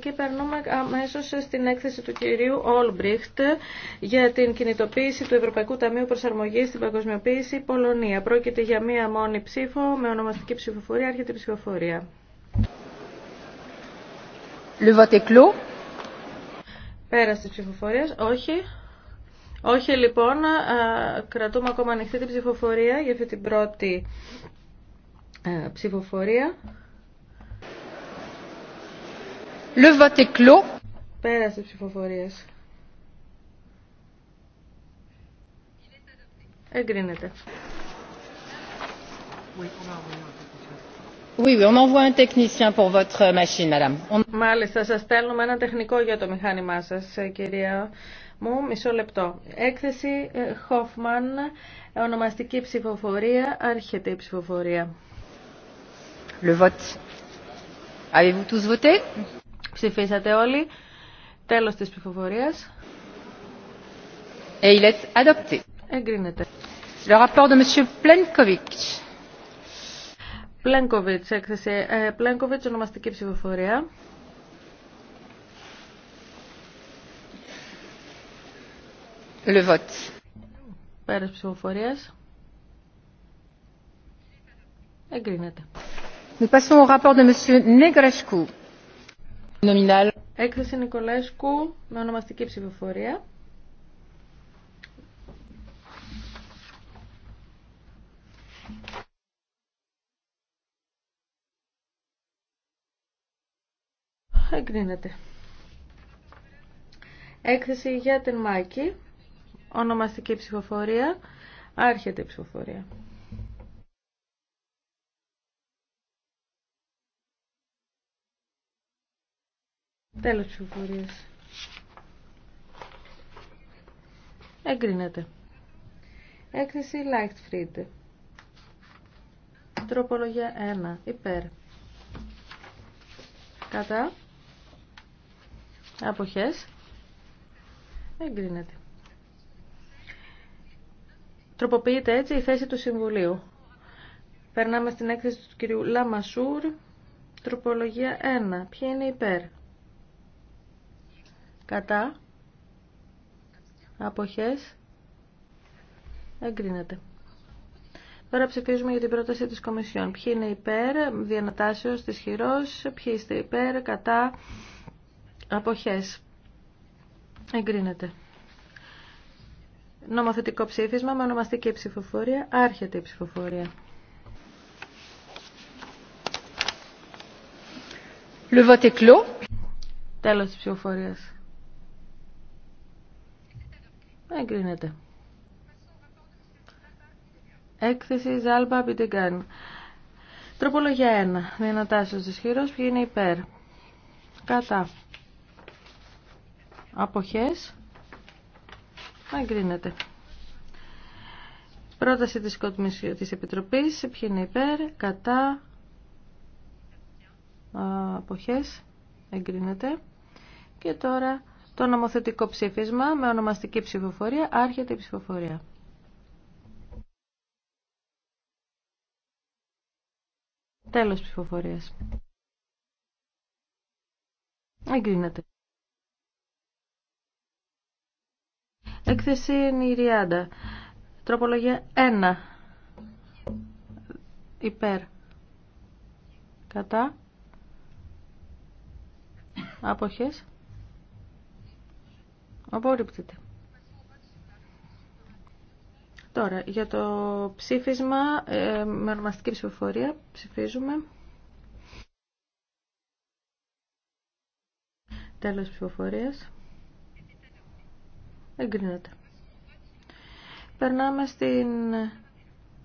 Και περνούμε αμέσως στην έκθεση του κυρίου Όλμπριχτ για την κινητοποίηση του Ευρωπαϊκού Ταμείου Προσαρμογής στην Παγκοσμιοποίηση Πολωνία. Πρόκειται για μία μόνη ψήφο με ονομαστική ψηφοφορία, άρχεται η ψηφοφορία. Le vote τη ψηφοφορία, όχι. Όχι λοιπόν, κρατούμε ακόμα ανοιχτή την ψηφοφορία για αυτή την πρώτη ε, ψηφοφορία. Le vote est clos. Πέρασε ψηφοφορία. Εγκρίνεται. Oui, on envoie un technicien pour votre machine, madame. Μάλιστα, σα στέλνουμε ένα τεχνικό για το μηχάνημά σα, ε, κυρία μου. Μισό λεπτό. Έκθεση Hoffman, ε, ονομαστική ψηφοφορία, άρχεται η ψηφοφορία. Le vote. Avez-vous Ψηφίσατε όλοι. Τέλος της ψηφοφορίας. Et il est adopté. Εγκρίνεται. Le rapport de Monsieur Plenkovic. Plenkovic, έκθεση. Plenkovic, ονομαστική ψηφοφορία. Le vote. Πέρας ψηφοφορίας. Εγκρίνεται. Nous passons au rapport de Monsieur Negrescu. Έκθεση Νικολέσκου με ονομαστική ψηφοφορία. Εγκρίνεται. Έκθεση για την Μάκη. Ονομαστική ψηφοφορία. Άρχεται η ψηφοφορία. Τέλος της ψηφοφορίας. Εγκρίνεται. Έκθεση Lightfried. Τροπολογία 1. Υπέρ. Κατά. Αποχές. Εγκρίνεται. Τροποποιείται έτσι η θέση του Συμβουλίου. Περνάμε στην έκθεση του κυρίου Λαμασούρ. Τροπολογία 1. Ποια είναι υπέρ κατά αποχές εγκρίνεται. Τώρα ψηφίζουμε για την πρόταση της Κομισιόν. Ποιοι είναι υπέρ, διανατάσεως της χειρός, ποιοι είστε υπέρ, κατά, αποχές. Εγκρίνεται. Νομοθετικό ψήφισμα με ονομαστική ψηφοφορία. Άρχεται η ψηφοφορία. Le vote est Τέλος της ψηφοφορίας. Εγκρίνεται. Έκθεση Ζάλμπα Μπιντεγκάν. Τροπολογία 1. Δυνατάσιο της χειρός. Ποιοι είναι υπέρ. Κατά. Αποχές. Εγκρίνεται. Πρόταση της, της Επιτροπής. Ποιοι είναι υπέρ. Κατά. Αποχές. Εγκρίνεται. Και τώρα το νομοθετικό ψήφισμα με ονομαστική ψηφοφορία. Άρχεται η ψηφοφορία. Τέλος ψηφοφορίας. Εγκρίνεται. Έκθεση Νηριάντα. Τροπολογία 1. Υπέρ. Κατά. Άποχες. Απορρίπτεται. Τώρα, για το ψήφισμα ε, με ονομαστική ψηφοφορία ψηφίζουμε. Τέλος ψηφοφορίας. Εγκρίνεται. Περνάμε στην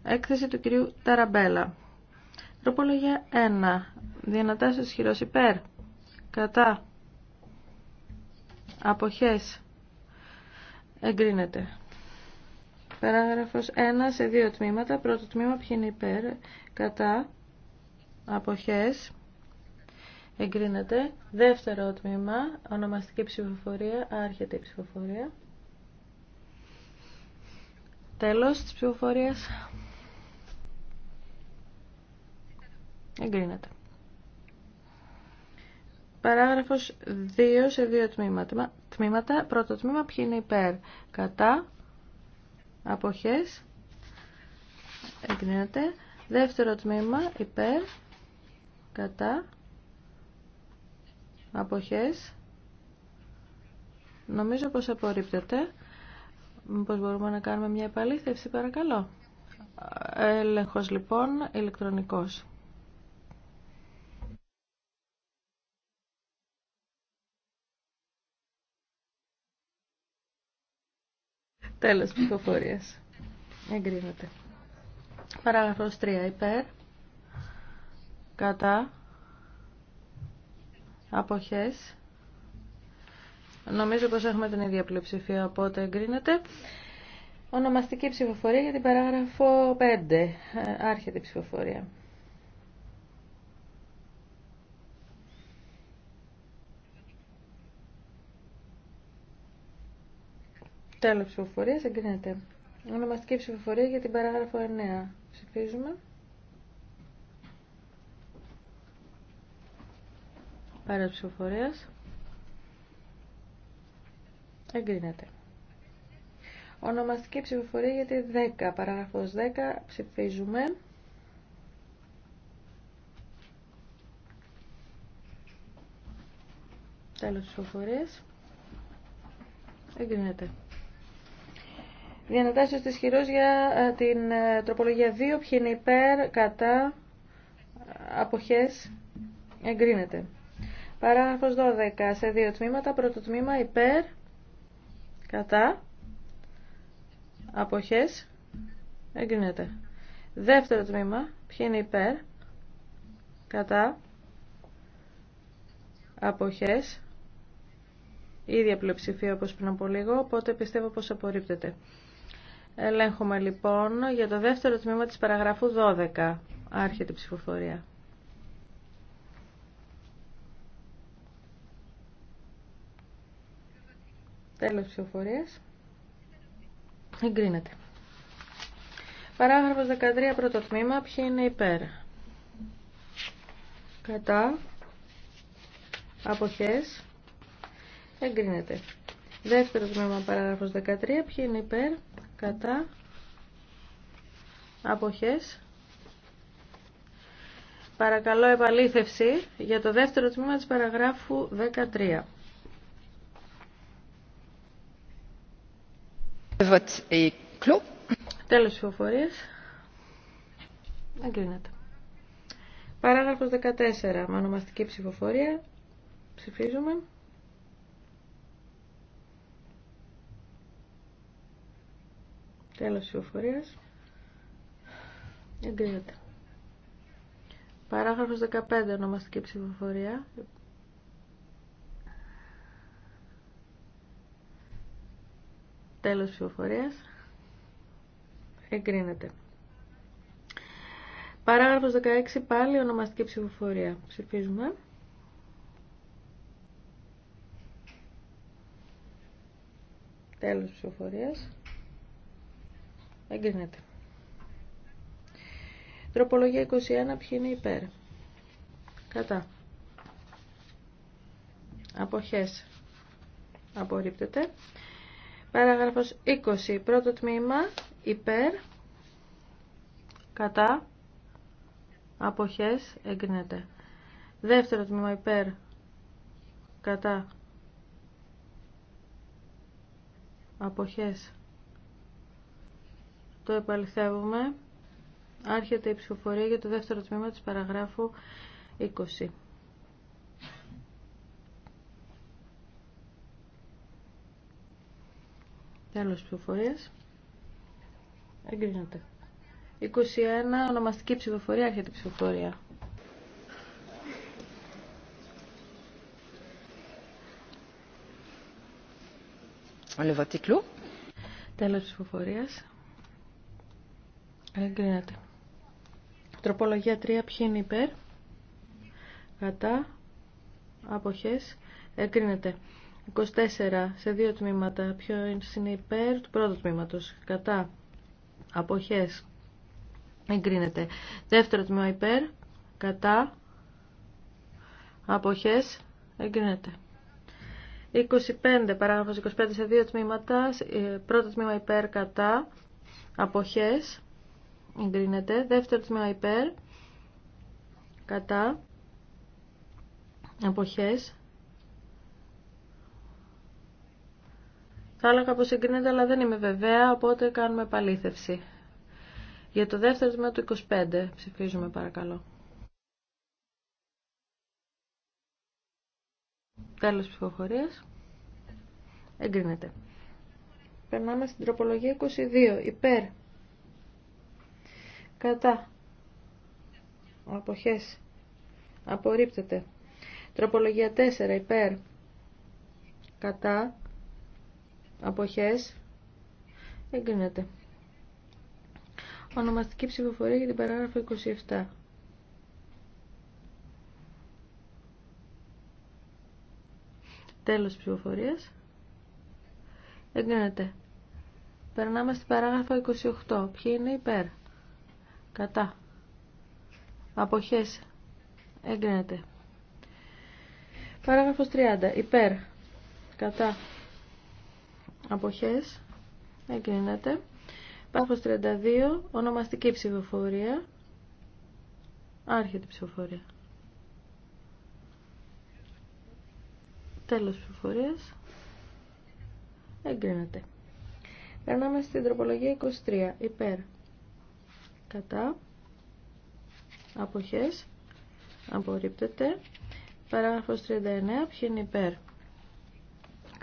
έκθεση του κυρίου Ταραμπέλα. Τροπολογία 1. Διανατάσεις χειρός υπέρ. Κατά. Αποχές εγκρίνεται. Παράγραφος 1 σε δύο τμήματα. Πρώτο τμήμα ποιο είναι υπέρ, κατά, αποχές, εγκρίνεται. Δεύτερο τμήμα, ονομαστική ψηφοφορία, άρχεται η ψηφοφορία. Τέλος της ψηφοφορίας. Εγκρίνεται. Παράγραφος 2 σε δύο τμήματα. τμήματα. Πρώτο τμήμα ποιο είναι υπέρ. Κατά. Αποχές. Εγκρίνεται. Δεύτερο τμήμα υπέρ. Κατά. Αποχές. Νομίζω πως απορρίπτεται. Μήπως μπορούμε να κάνουμε μια επαλήθευση παρακαλώ. Έλεγχος λοιπόν ηλεκτρονικός. Τέλος ψηφοφορίας. Εγκρίνεται. Παράγραφος 3. Υπέρ. Κατά. Αποχές. Νομίζω πως έχουμε την ίδια πλειοψηφία, οπότε εγκρίνεται. Ονομαστική ψηφοφορία για την παράγραφο 5. Ε, άρχεται η ψηφοφορία. Τέλος ψηφοφορία, εγκρίνεται. Ονομαστική ψηφοφορία για την παράγραφο 9. Ψηφίζουμε. Πέρα ψηφοφορία. Εγκρίνεται. Ονομαστική ψηφοφορία για τη 10. Παράγραφος 10. Ψηφίζουμε. Τέλος ψηφοφορία. Εγκρίνεται. Διανατάσεις της χειρός για ε, την ε, τροπολογία 2. Ποιοι είναι υπέρ, κατά, αποχές, εγκρίνεται. Παράγραφος 12. Σε δύο τμήματα. Πρώτο τμήμα υπέρ, κατά, αποχές, εγκρίνεται. Δεύτερο τμήμα. Ποιοι είναι υπέρ, κατά, αποχές, ίδια πλειοψηφία όπως πριν από λίγο, οπότε πιστεύω πως απορρίπτεται. Ελέγχουμε λοιπόν για το δεύτερο τμήμα της παραγραφού 12. Άρχεται η ψηφοφορία. Τέλος ψηφοφορίας. Εγκρίνεται. Παράγραφος 13, πρώτο τμήμα. Ποιοι είναι υπέρ. Κατά. Αποχές. Εγκρίνεται. Δεύτερο τμήμα, παράγραφος 13. Ποιοι είναι υπέρ κατά αποχές παρακαλώ επαλήθευση για το δεύτερο τμήμα της παραγράφου 13 Τέλος ψηφοφορίας. Εγκρίνεται. Παράγραφος 14. Με ονομαστική ψηφοφορία ψηφίζουμε. Τέλος ψηφοφορίας. Εγκρίνεται. Παράγραφος 15 ονομαστική ψηφοφορία. Τέλος ψηφοφορίας. Εγκρίνεται. Παράγραφος 16 πάλι ονομαστική ψηφοφορία. Ψηφίζουμε. Τέλος ψηφοφορίας. Εγκρίνεται. Τροπολογία 21. Ποιοι είναι υπέρ. Κατά. Αποχές. Απορρίπτεται. Παράγραφος 20. Πρώτο τμήμα. Υπέρ. Κατά. Αποχές. Εγκρίνεται. Δεύτερο τμήμα. Υπέρ. Κατά. Αποχές. Το επαληθεύουμε. Άρχεται η ψηφοφορία για το δεύτερο τμήμα της παραγράφου 20. Τέλος ψηφοφορίας. Εγκρίνεται. 21. Ονομαστική ψηφοφορία. Άρχεται η ψηφοφορία. Le Τέλος ψηφοφορίας. Εγκρίνεται. Τροπολογία 3. Ποιοι είναι υπέρ. Κατά. Αποχές. Εγκρίνεται. 24. Σε δύο τμήματα. Ποιο είναι υπέρ του πρώτου τμήματος. Κατά. Αποχές. Εγκρίνεται. Δεύτερο τμήμα υπέρ. Κατά. Αποχές. Εγκρίνεται. 25, παράγραφος 25 σε δύο τμήματα, ε, πρώτο τμήμα υπέρ κατά, αποχές, εγκρίνεται. Δεύτερο τμήμα υπέρ, κατά, εποχές. Θα έλεγα πως εγκρίνεται, αλλά δεν είμαι βεβαία, οπότε κάνουμε παλήθευση. Για το δεύτερο τμήμα του 25 ψηφίζουμε παρακαλώ. Τέλος ψηφοφορίας. Εγκρίνεται. Περνάμε στην τροπολογία 22. Υπέρ κατά αποχές απορρίπτεται τροπολογία 4 υπέρ κατά αποχές εγκρίνεται ονομαστική ψηφοφορία για την παράγραφο 27 τέλος ψηφοφορίας εγκρίνεται περνάμε στην παράγραφο 28 ποιοι είναι υπέρ Κατά. Αποχές. Έγκρινεται. Παράγραφος 30. Υπέρ. Κατά. Αποχές. Εγκρίνεται. Παράγραφος 32. Ονομαστική ψηφοφορία. Άρχεται ψηφοφορία. Τέλος ψηφοφορίας. Εγκρίνεται. Περνάμε στην τροπολογία 23. Υπέρ κατά αποχές απορρίπτεται παράγραφος 39 ποιοι είναι υπέρ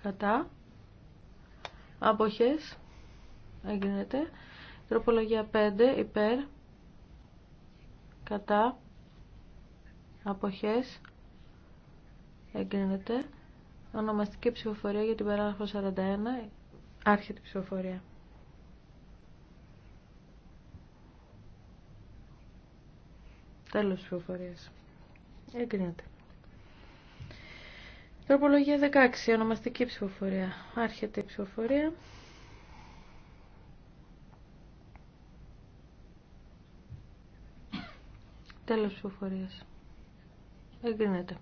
κατά αποχές εγκρίνεται τροπολογία 5 υπέρ κατά αποχές εγκρίνεται ονομαστική ψηφοφορία για την παράγραφο 41 άρχεται ψηφοφορία Τέλος της Εγκρίνεται. Τροπολογία 16. Ονομαστική ψηφοφορία. Άρχεται η ψηφοφορία. Τέλος ψηφοφορίας. Εγκρίνεται.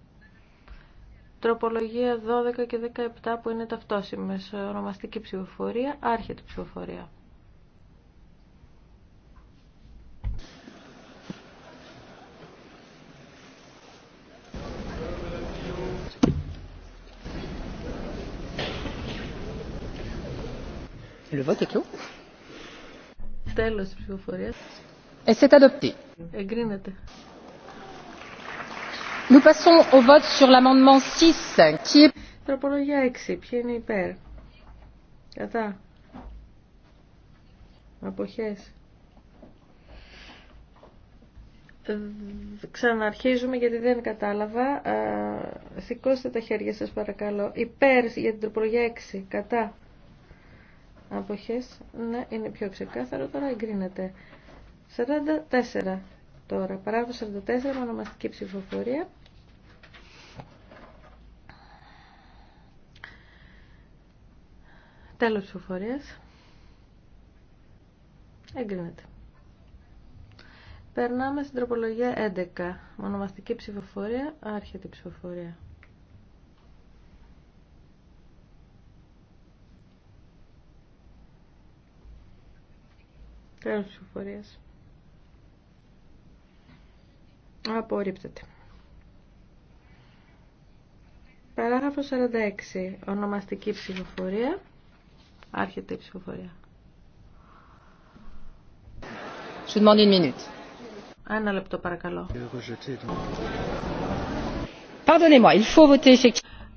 Τροπολογία 12 και 17 που είναι ταυτόσιμες. Ονομαστική ψηφοφορία. Άρχεται η ψηφοφορία. Le vote est clos. Et adopté. Εγκρίνεται. Nous passons au vote sur l'amendement 6 qui est Τροπολογία 6. Ποιο είναι υπέρ. Κατά. Αποχές. Ε, ξαναρχίζουμε γιατί δεν κατάλαβα. Ε, σηκώστε τα χέρια σα παρακαλώ. Υπέρ για την τροπολογία 6. Κατά αποχές να είναι πιο ξεκάθαρο τώρα εγκρίνεται 44 τώρα παράγραφος 44 ονομαστική ψηφοφορία τέλος ψηφοφορίας εγκρίνεται Περνάμε στην τροπολογία 11. Ονομαστική ψηφοφορία, άρχεται η ψηφοφορία. Τέλος ψηφοφορίας. Απορρίπτεται. Παράγραφος 46. Ονομαστική ψηφοφορία. Άρχεται η ψηφοφορία. Je demande une minute. Ένα λεπτό παρακαλώ. Pardonnez-moi, il faut voter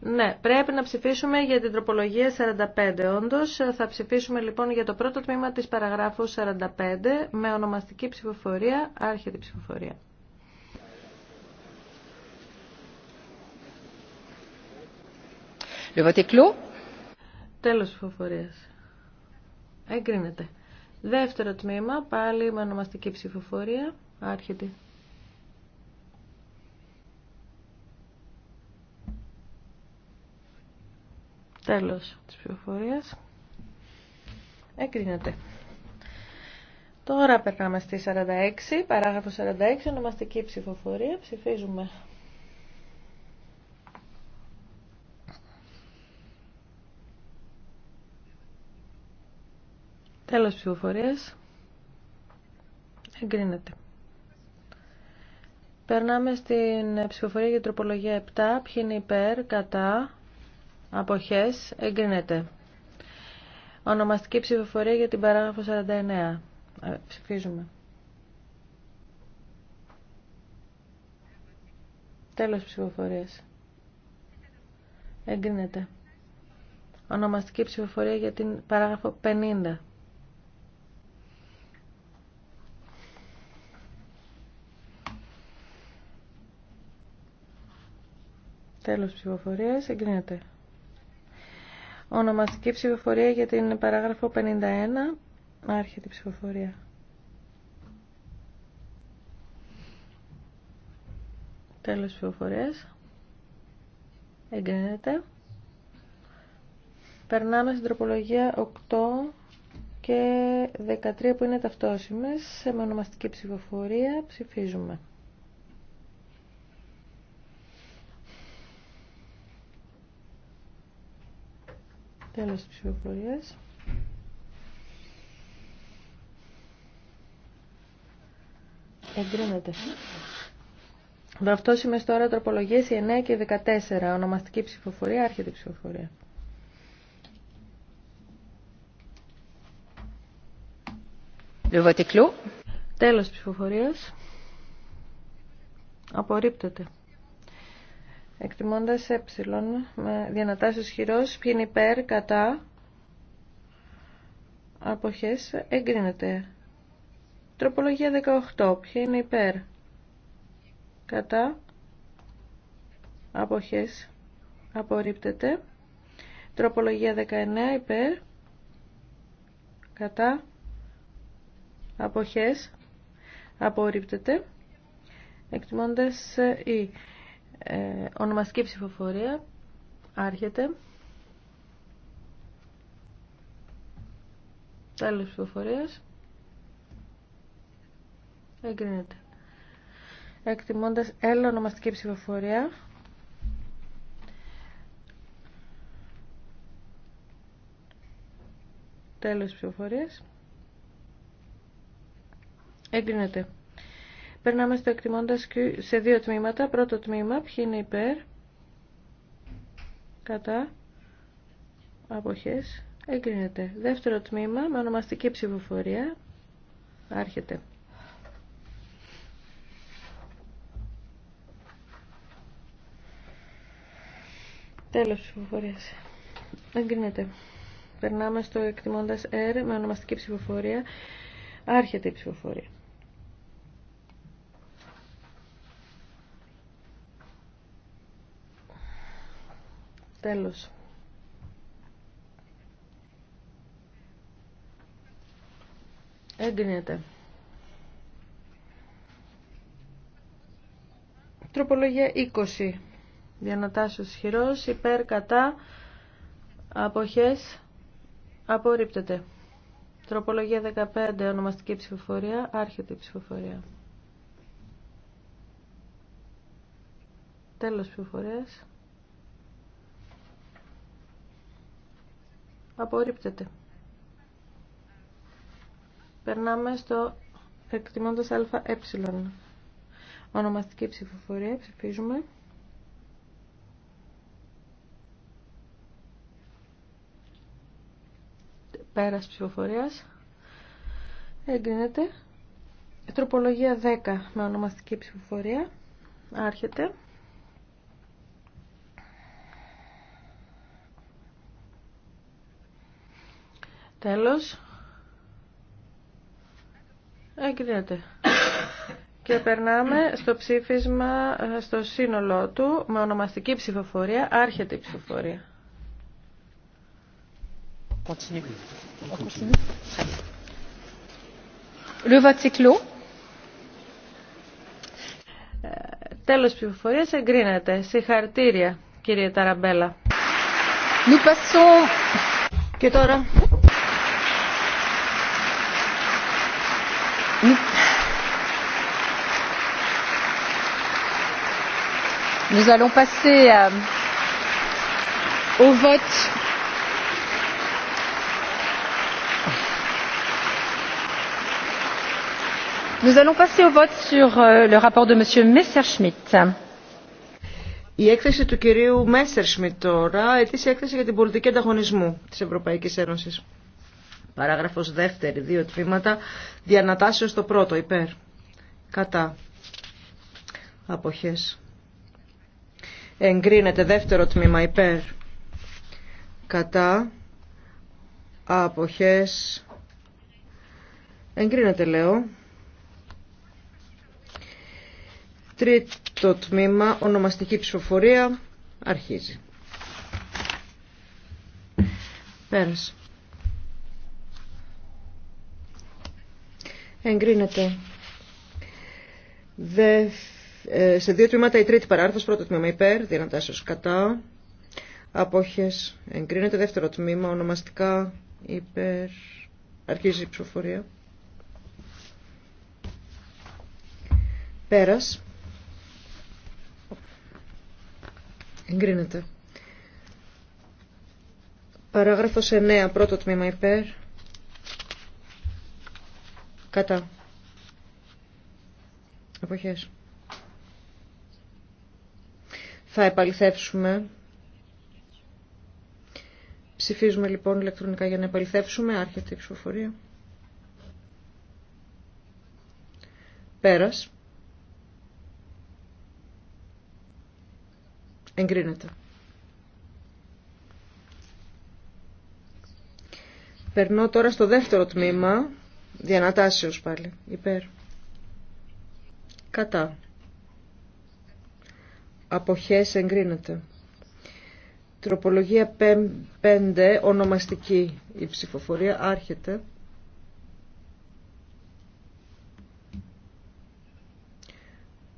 ναι, πρέπει να ψηφίσουμε για την τροπολογία 45. όντω. θα ψηφίσουμε λοιπόν για το πρώτο τμήμα της παραγράφου 45 με ονομαστική ψηφοφορία, άρχεται ψηφοφορία. Le vote clos. Τέλος ψηφοφορίας. Εγκρίνεται. Δεύτερο τμήμα, πάλι με ονομαστική ψηφοφορία, άρχεται Τέλος της πληροφορίας. Εγκρίνεται. Τώρα περνάμε στη 46, παράγραφο 46, ονομαστική ψηφοφορία. Ψηφίζουμε. Τέλος ψηφοφορίας. Εγκρίνεται. Περνάμε στην ψηφοφορία για τροπολογία 7. Ποιοι είναι υπέρ, κατά, Αποχές εγκρίνεται. Ονομαστική ψηφοφορία για την παράγραφο 49. Ε, ψηφίζουμε. Τέλος ψηφοφορίας. Εγκρίνεται. Ονομαστική ψηφοφορία για την παράγραφο 50. Τέλος ψηφοφορίας εγκρίνεται. Ονομαστική ψηφοφορία για την παράγραφο 51. Άρχεται η ψηφοφορία. Τέλος ψηφοφορίας. Εγκρίνεται. Περνάμε στην τροπολογία 8 και 13 που είναι ταυτόσιμες. Σε ονομαστική ψηφοφορία ψηφίζουμε. Τέλος της ψηφοφορίας. Εγκρίνεται. στο τώρα τροπολογίες 9 και 14. Ονομαστική ψηφοφορία, άρχεται η ψηφοφορία. Le vote est Τέλος ψηφοφορίας. Απορρίπτεται. Εκτιμώντας ε με διανατάσεις χειρός, ποιοι υπέρ, κατά, αποχές, εγκρίνεται. Τροπολογία 18, Ποιο είναι υπέρ, κατά, αποχές, απορρίπτεται. Τροπολογία 19, υπέρ, κατά, αποχές, απορρίπτεται. Εκτιμώντας η ε, ε, ονομαστική ψηφοφορία. Άρχεται. Τέλος ψηφοφορίας. Εγκρίνεται. Εκτιμώντας έλα ονομαστική ψηφοφορία. Τέλος ψηφοφορίας. Εγκρίνεται. Περνάμε στο εκτιμώντα σε δύο τμήματα. Πρώτο τμήμα, ποιοι είναι υπέρ, κατά, αποχές, εγκρίνεται. Δεύτερο τμήμα, με ονομαστική ψηφοφορία, άρχεται. Τέλος ψηφοφορίας. Εγκρίνεται. Περνάμε στο εκτιμώντας R με ονομαστική ψηφοφορία. Άρχεται η ψηφοφορία. Τέλος. Έγκρινεται. Τροπολογία 20. Διανατάσσεως χειρός, υπέρ, κατά, αποχές, απορρίπτεται. Τροπολογία 15, ονομαστική ψηφοφορία, άρχεται η ψηφοφορία. Τέλος ψηφοφορίας. Απορρίπτεται. Περνάμε στο εκτιμώντας αε. Ονομαστική ψηφοφορία. Ψηφίζουμε. Πέρας ψηφοφορίας. Εγκρίνεται. Τροπολογία 10 με ονομαστική ψηφοφορία. Άρχεται. Τέλος. Εγκρίνεται. Και περνάμε στο ψήφισμα, ε, στο σύνολό του, με ονομαστική ψηφοφορία, άρχεται η ψηφοφορία. Le vote ε, Τέλος ψηφοφορίας εγκρίνεται. Συγχαρητήρια, κύριε Ταραμπέλα. Και τώρα Nous allons passer euh, au vote. Nous allons passer au vote sur euh, le rapport de Monsieur Messerschmidt. Η έκθεση του κυρίου Messerschmidt τώρα, ετήσια έκθεση για την πολιτική ανταγωνισμού της Ευρωπαϊκής Ένωσης. Παράγραφος δεύτερη, δύο τμήματα, διανατάσεως το πρώτο, υπέρ. Κατά. Αποχές εγκρίνεται δεύτερο τμήμα υπέρ κατά αποχές εγκρίνεται λέω τρίτο τμήμα ονομαστική ψηφοφορία αρχίζει πέρασε εγκρίνεται δεύτερο ε, σε δύο τμήματα η τρίτη παράγραφος, πρώτο τμήμα υπέρ, δυνατά κατά. Απόχες εγκρίνεται δεύτερο τμήμα, ονομαστικά υπέρ, αρχίζει η ψηφοφορία. Πέρας. Εγκρίνεται. Παράγραφος 9, πρώτο τμήμα υπέρ. Κατά. απόχες, θα επαληθεύσουμε. Ψηφίζουμε λοιπόν ηλεκτρονικά για να επαληθεύσουμε. Άρχεται η ψηφοφορία. Πέρας. Εγκρίνεται. Περνώ τώρα στο δεύτερο τμήμα, διανατάσεως πάλι, υπέρ. Κατά αποχές εγκρίνεται. Τροπολογία 5, ονομαστική η ψηφοφορία, άρχεται.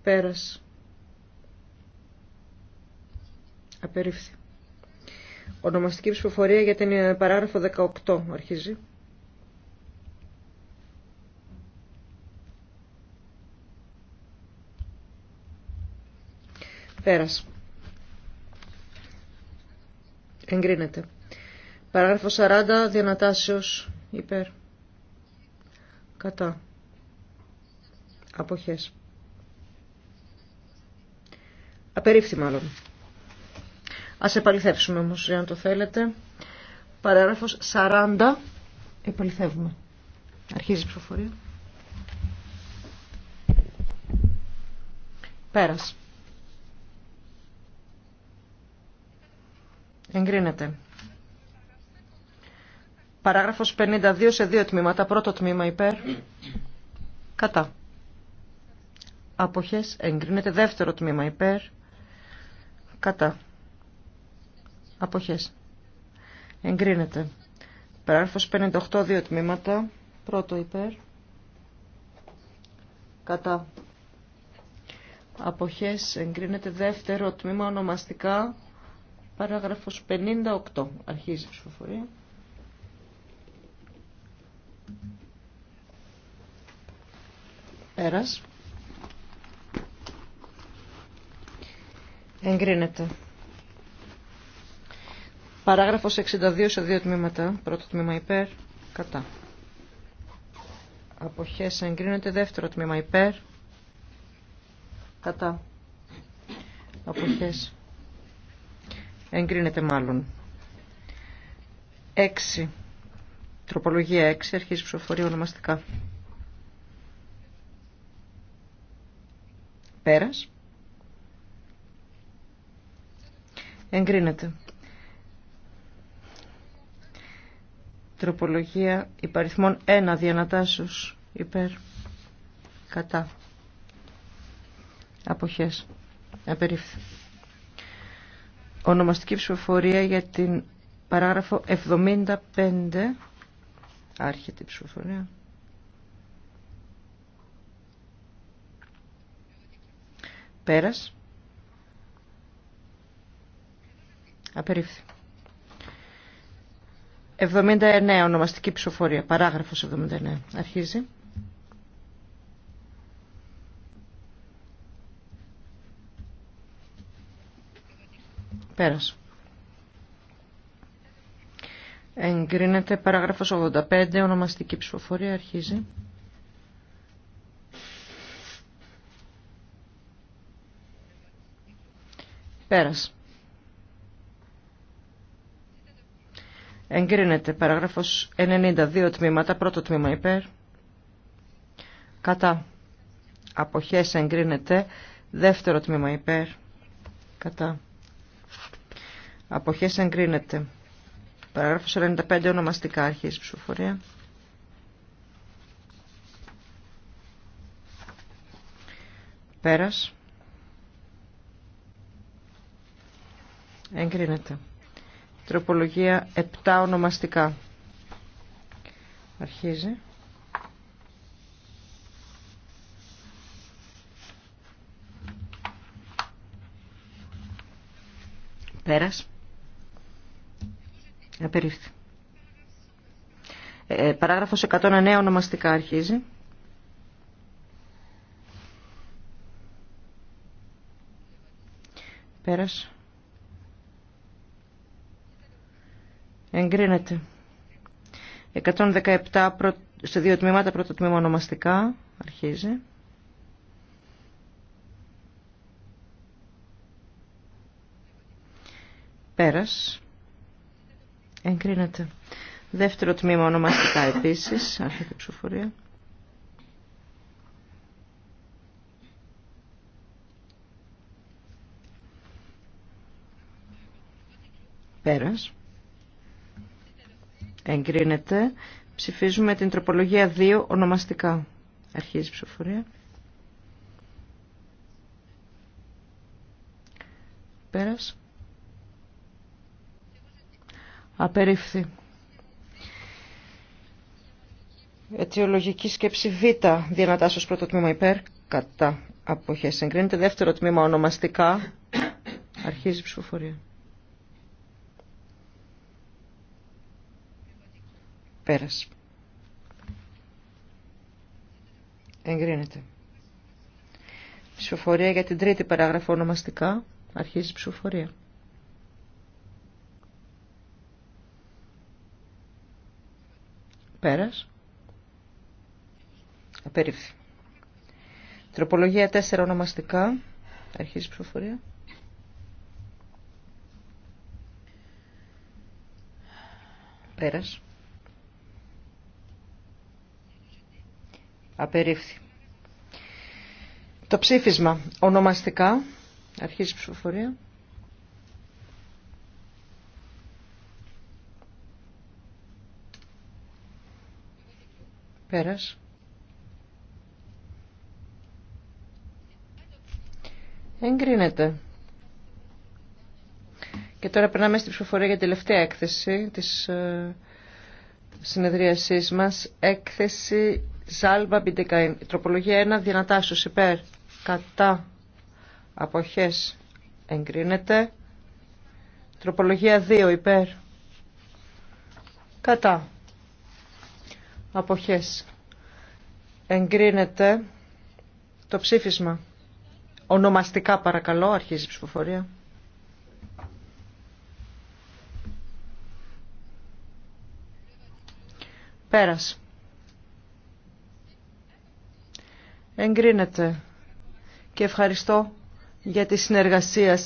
Πέρας. Απερίφθη. Ονομαστική ψηφοφορία για την παράγραφο 18 αρχίζει. Πέρας. Εγκρίνεται. Παράγραφο 40. Διανατάσεως υπέρ. Κατά. Αποχές. Απερίφθη μάλλον. Ας επαληθεύσουμε όμως, αν το θέλετε. Παράγραφο 40. Επαληθεύουμε. Αρχίζει η ψηφοφορία. Πέρας. Εγκρίνεται. Παράγραφος 52 σε δύο τμήματα. Πρώτο τμήμα υπέρ. Κατά. Αποχές εγκρίνεται. Δεύτερο τμήμα υπέρ. Κατά. Αποχές. Εγκρίνεται. Παράγραφος 58 δύο τμήματα. Πρώτο υπέρ. Κατά. Αποχές εγκρίνεται. Δεύτερο τμήμα ονομαστικά. Παράγραφος 58. Αρχίζει η ψηφοφορία. Πέρας. Εγκρίνεται. Παράγραφος 62 σε δύο τμήματα. Πρώτο τμήμα υπέρ, κατά. Αποχές εγκρίνεται. Δεύτερο τμήμα υπέρ, κατά. Αποχές Εγκρίνεται μάλλον. 6. Τροπολογία 6. Αρχίζει ψηφοφορία ονομαστικά. Πέρας. Εγκρίνεται. Τροπολογία υπαριθμών 1 διανατάσεως υπέρ κατά αποχές απερίφθη. Ονομαστική ψηφοφορία για την παράγραφο 75. Άρχεται η ψηφοφορία. Πέρας. Απερίφθη. 79 ονομαστική ψηφοφορία. Παράγραφος 79. Αρχίζει. Πέρας. Εγκρίνεται παράγραφος 85, ονομαστική ψηφοφορία αρχίζει. Πέρας. Εγκρίνεται παράγραφος 92 τμήματα, πρώτο τμήμα υπέρ. Κατά. Αποχές εγκρίνεται, δεύτερο τμήμα υπέρ. Κατά. Αποχέ εγκρίνεται. Παράγραφος 45 ονομαστικά αρχής ψηφοφορία. Πέρας. Εγκρίνεται. Τροπολογία 7 ονομαστικά. Αρχίζει. Πέρας. Απερίφθη. Ε, παράγραφος 109 ονομαστικά αρχίζει. Πέρας. Εγκρίνεται. 117 σε δύο τμήματα, πρώτο τμήμα ονομαστικά, αρχίζει. Πέρας. Εγκρίνεται. Δεύτερο τμήμα ονομαστικά επίσης. Άρχεται η ψηφοφορία. Πέρας. Εγκρίνεται. Ψηφίζουμε την τροπολογία 2 ονομαστικά. Αρχίζει η ψηφοφορία. Πέρας. Απερίφθη. Αιτιολογική σκέψη Β. Διανατάσσεως πρώτο τμήμα υπέρ. Κατά. Αποχές εγκρίνεται. Δεύτερο τμήμα ονομαστικά. Αρχίζει η ψηφοφορία. Πέρασε. Εγκρίνεται. Ψηφοφορία για την τρίτη παράγραφο ονομαστικά. Αρχίζει η ψηφοφορία. Πέρας. Απερίφθη. Τροπολογία 4 ονομαστικά. Αρχίζει η ψηφοφορία. Πέρας. Απερίφθη. Το ψήφισμα ονομαστικά. Αρχίζει η ψηφοφορία. Πέρας. Εγκρίνεται. Και τώρα περνάμε στην ψηφοφορία για την τελευταία έκθεση της ε, συνεδρίασής μας. Έκθεση ζαλβα Μπιντεκαΐν. Τροπολογία 1. Διανατάσσος. υπέρ. Κατά. Αποχές. Εγκρίνεται. Τροπολογία 2. Υπέρ. Κατά αποχές. Εγκρίνεται το ψήφισμα. Ονομαστικά παρακαλώ, αρχίζει η ψηφοφορία. Πέρας. Εγκρίνεται. Και ευχαριστώ για τη συνεργασία